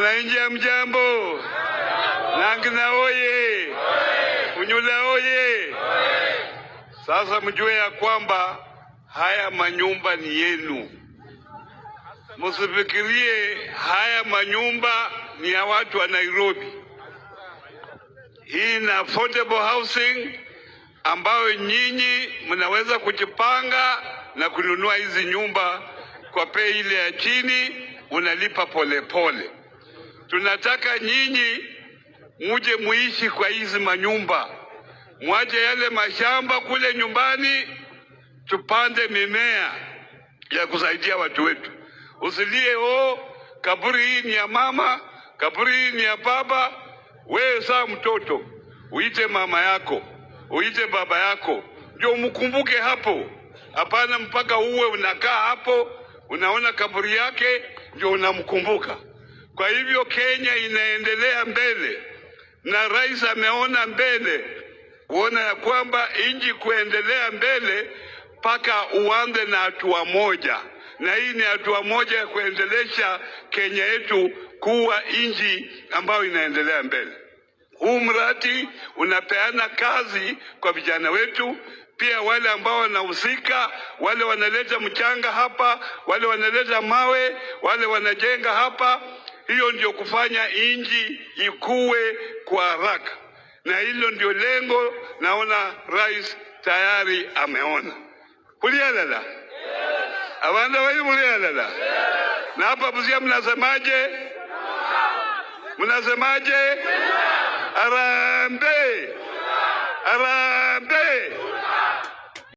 Wananchi mjambo Langina oye! Unyula oye! Sasa mjue ya kwamba haya manyumba ni yenu, msifikirie haya manyumba ni ya watu wa Nairobi. Hii na affordable housing ambayo nyinyi mnaweza kujipanga na kununua hizi nyumba kwa bei ile ya chini, unalipa polepole pole. Tunataka nyinyi muje muishi kwa hizi manyumba, mwaje yale mashamba kule nyumbani, tupande mimea ya kusaidia watu wetu. Usilie o, kaburi hii ni ya mama, kaburi hii ni ya baba. Wewe saa mtoto uite mama yako, uite baba yako, ndio mkumbuke hapo. Hapana mpaka uwe unakaa hapo unaona kaburi yake ndio unamkumbuka. Kwa hivyo Kenya inaendelea mbele na rais ameona mbele kuona ya kwamba nchi kuendelea mbele mpaka uanze na hatua moja, na hii ni hatua moja ya kuendelesha Kenya yetu kuwa nchi ambayo inaendelea mbele. Huu mradi unapeana kazi kwa vijana wetu, pia wale ambao wanahusika, wale wanaleta mchanga hapa, wale wanaleta mawe, wale wanajenga hapa hiyo ndio kufanya nchi ikue kwa haraka, na hilo ndio lengo. Naona rais tayari ameona. Kulialala abanda wenu mulialala na hapa mzia, mnasemaje? Mnasemaje? Arambe, arambe.